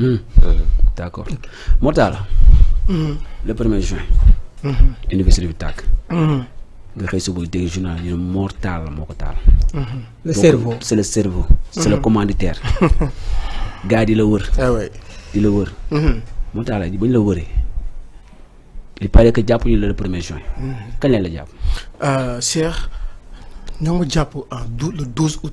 Euh, d'accord Mortal. Mm-hmm. le Mortal. le juin mm-hmm. université du tac mm-hmm. journal mortal. le cerveau c'est le cerveau c'est le commanditaire gars di la wër ah il la wër il paraît que Diapo le premier juin Quel est euh, le Diapo le 12 août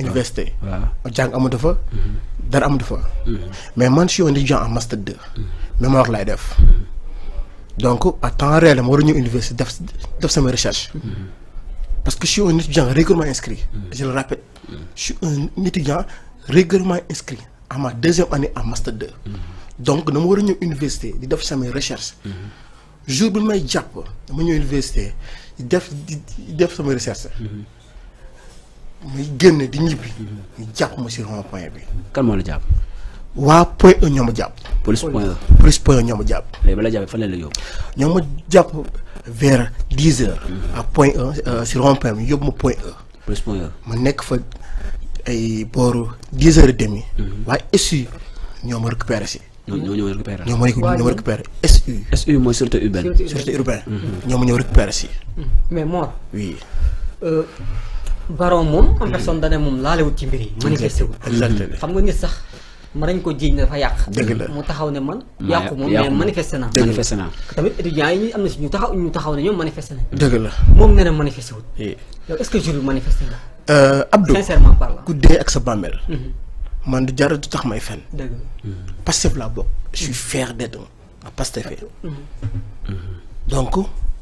université amatu fa mhm. dara amatu mhm. mais man je suis un étudiant en master 2 mhm. mémoire lay def donc à temps réel ma université def def sama recherche parce que je suis un étudiant régulièrement inscrit je le rappelle je suis un étudiant régulièrement inscrit à ma deuxième année en master 2 donc dama war a université di def samay recherche jour bi may japp dama ñëw université def def sama recherche muy génn di ñibbi ñu jàpp ma si rond bi. kan moo la jàpp. waa point e ñoo jàpp. police point e. e ñoo ma jàpp. léegi ba la jàpp ñoo ma jàpp vers dix heures. Mm-hmm. à point E euh, si rond point bi ma nekk fa ay booru dix heures et demi. waaye SU ñoo ñoo ñoo récupéré ñoo ma ñoo ma mooy sûreté urbaine. sûreté urbaine. Mm-hmm. ñoo ma ñoo si. Mm-hmm. mais euh, Baron moom en personne dane moom laalewut ci mbir yi manifesté wul xam nga nit sax ma dañ ko jiiñ dafa yàq dëgg la mu taxaw ne man yàqu moom mais manifesté naa manifesté naa tamit étudiants yi ñu am na si ñu taxaw ñu taxaw ne ñoom manifesté nañ dëgg la moom nee na manifesté wul eh. yow est-ce que jour euh, Abdou sincèrement ku dee ak sa bàmmeel mhm. man du jaratu tax may fen dëgg la mhm. Pastef laa bokk je suis fier d'être un Pastefien mhm. donc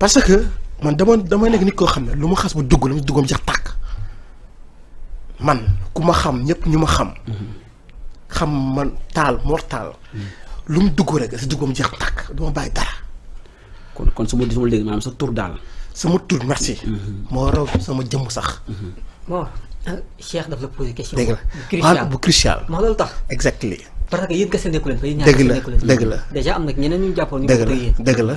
parce que man dama dama nek nit ko xam ne xass bu xas ba dugg la ma duggam jax tàkk man kuma xam ñep ñuma xam. xam man tal mortal taal. lu dugg rek si duggam jeex tak du ma dara. kon kon su ma su leg léegi maanaam sa tur daal. sama tour merci. mo mm-hmm. raw sama jëm sax. Mm-hmm. bon euh, Cheikh dafa la posé question. dëgg la ah, bu crucial ma loolu tax. exactly parce que yéen kese nekulen fa yeen ñaar kese nekkuleen. dëgg la dëgg la dèjà am nak ñeneen ñu jàppoon. ñu deug la dëgg la.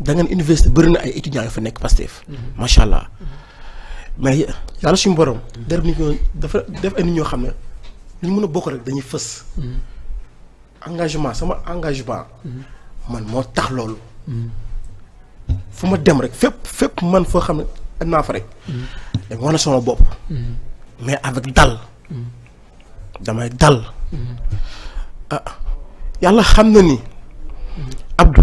da ngeen université bërina ay étudiants yu fa nekk Pastef. Mhm. macha allah mhm. mais yàlla suñu borom. def nit ñoo dafa def ay nit ñoo xam ne li mën a bokk rek dañuy fës. Mhm. engagement sama engagement. man moo tax loolu. fu ma dem rek fépp fépp man foo xam ne naa fa rek. dama sama bopp. mais avec damay dal. Ah, yàlla xam na ni. Abdou.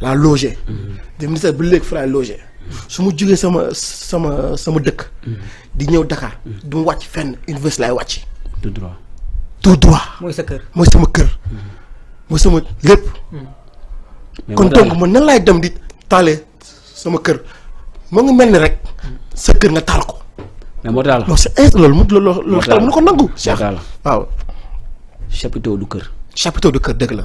laa loger. de ministère bu léegi fa laay loger. su ma jógee sama sama sama dëkk. di ñëw Dakar. du ma wàcc fenn université laay wàcc. tout droit. tout mooy sa kër mooy sama kër. mooy sama lépp. kon donc man nan laay dem di taale sama kër moo ngi mel ni rek sa kër nga taal ko. mais moo taal non c'est loolu mu loolu loolu xel mënu ko nangu. moo taal waaw. chapiteau du kër. chapiteau du kër dëgg la.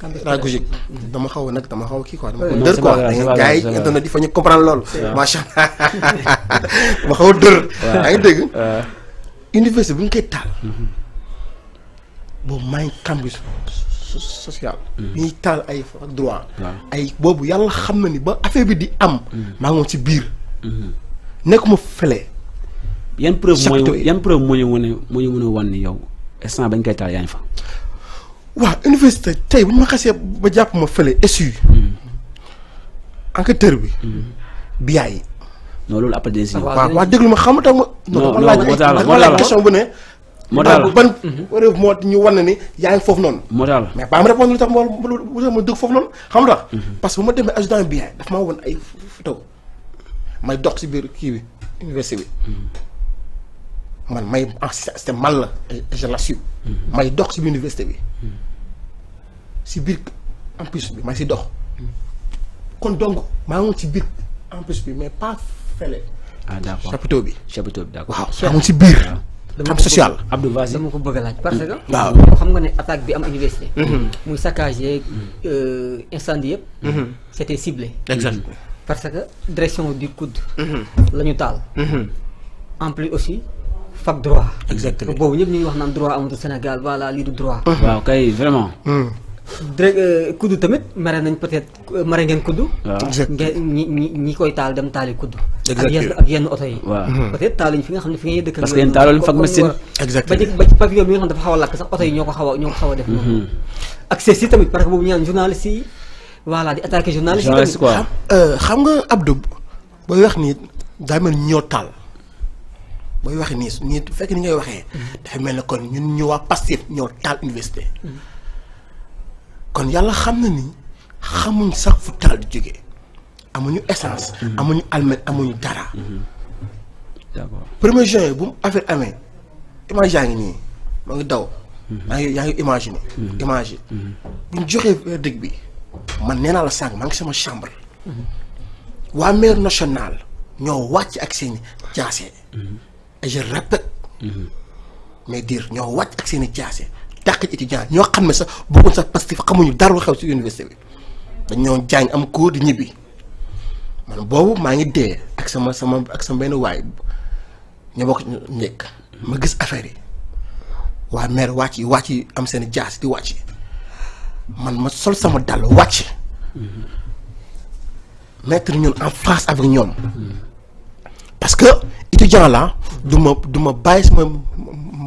pédagogique dama xaw nag dama xaw kii quoi dama ko dër fa ñu comprendre loolu macha allah dama xaw dër yaa ngi dégg université bu ñu koy taal boobu maa ngi campus mm. ay ak droit ay boobu yàlla xam na ni ba affaire bi di am mm. maa ngi woon ci biir mm-hmm. nekkuma fële yan preuve mooy yan preuve moo ñu mën a moo ñu mën wan ni yow instant bañ koy taal yaa ngi fa waaw université tey bu ñu ma xasee ba jàpp ma fële SU. enquêteur bi. biyaay yi. non loolu après des waaw waaw déglu ma xam tax ma. non non moo tax la moo tax la question bu ne. moo tax la ban. réew moo ñu wan ne ni yaa ngi foofu noonu. moo tax la mais ba ma répondre lu tax ma wala ma dëgg foofu noonu xam nga tax. Mhm. parce que bu ma demee adjudant biyaay daf maa wan ay photo may dox si biir kii bi université bi. Mhm. man may ah, en système mal la je l'assume. Mhm. may dox si biir université bi. ci bir en plus bi ma ci dox. kon donc ma ngi ci bir en plus bi mais pas fële. ah d'accord accord chapiteau bi. chapiteau bi d'accord accord waaw ngi ci bir dama social Abdou Vazi dama ko bëgg a parce que. Mm. waaw xam nga ne attaque bi am université. Mm-hmm. muy saccage yeeg mm-hmm. euh, incendie yëpp. Mm-hmm. c' ciblé. exactement parce que direction du coude. la ñu en plus aussi. fac droit. exactement boobu ñëpp ñu ngi wax naan droit au Sénégal voilà lii du droit. waaw kay vraiment. Mm. dre euh, kuddu tamit mare nañ peut-être mare ngeen kuddu. ñi ñi ñi koy taal dem taali kuddu. ak yenn ak yenn oto yi. Mhm. peut-être taaluñ fi nga xam ne fi ngay dëkk. parce nga xam dafa xaw a lakk sax oto yi ñoo ko xaw a ñoo ko xaw a def. Mhm. accès si tamit parce que boobu ñu naan journaliste yi voilà di attaqué journaliste yi quoi euh, xam nga Abdou booy wax nii daa mel ñoo taal booy wax nii nii fekk ni ngay waxee. Mhm. dafa mel ne kon ñun ñu waa Pastef ñoo taal université. kon a xam n'y ni pas sax fu taal amuñu essence. Mhm. amuñu almet amuñu dara. Mhm. d'accord premier juin bu mu affaire amee image yaa Imaginez, daw. la chambre. Mhm. waa maire nationale je répète. mais dire dàq ci étudiant ñoo xam ne sax bokkoon sax Pastef xamuñu dara lu xew ci université bi dañoo jaañ am cours di ñibbi man boobu maa ngi dee ak sama sama ak sama benn waay ñu bokk ma gis affaire yi waa maire wàcc yi wàcc am seen jaas di wàcc man ma sol sama dàll wàcc mettre ñun en face avec ñoom mm-hmm. parce que la du ma bàyyi sama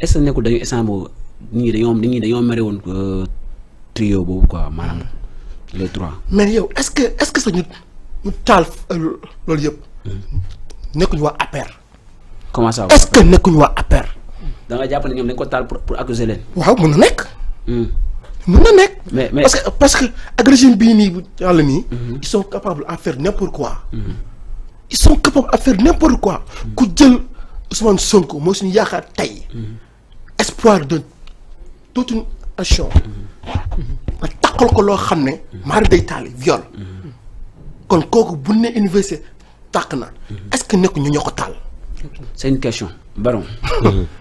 est-ce que nekkul dañu instant ni nit ñi dañoo nit ñi dañoo mere trio beaucoup quoi maanaam les trois. mais yow est-ce que est-ce que nous, ñu ñu taal ne euh, yëpp. nekkuñu à APR. comment ça est-ce que nekkuñu waa APR. da nga jàpp ne ñoom dañ ko taal pour pour accuser leen. waaw mën na nek? Hmm. mën na mais mais parce que parce que agressions bini, bii nii bu hmm. ils sont capables à faire n'importe quoi. Hmm. ils sont capables à faire n'importe quoi. ku jël Ousmane Sonko moo suñu yaakaar taille espoir de toute une nation nga mhm. takkal ko loo xam ne mhm. day taali viol mhm. kon kooku bu ne université est-ce que nekk ñu ñoo ko taal c'est une question baron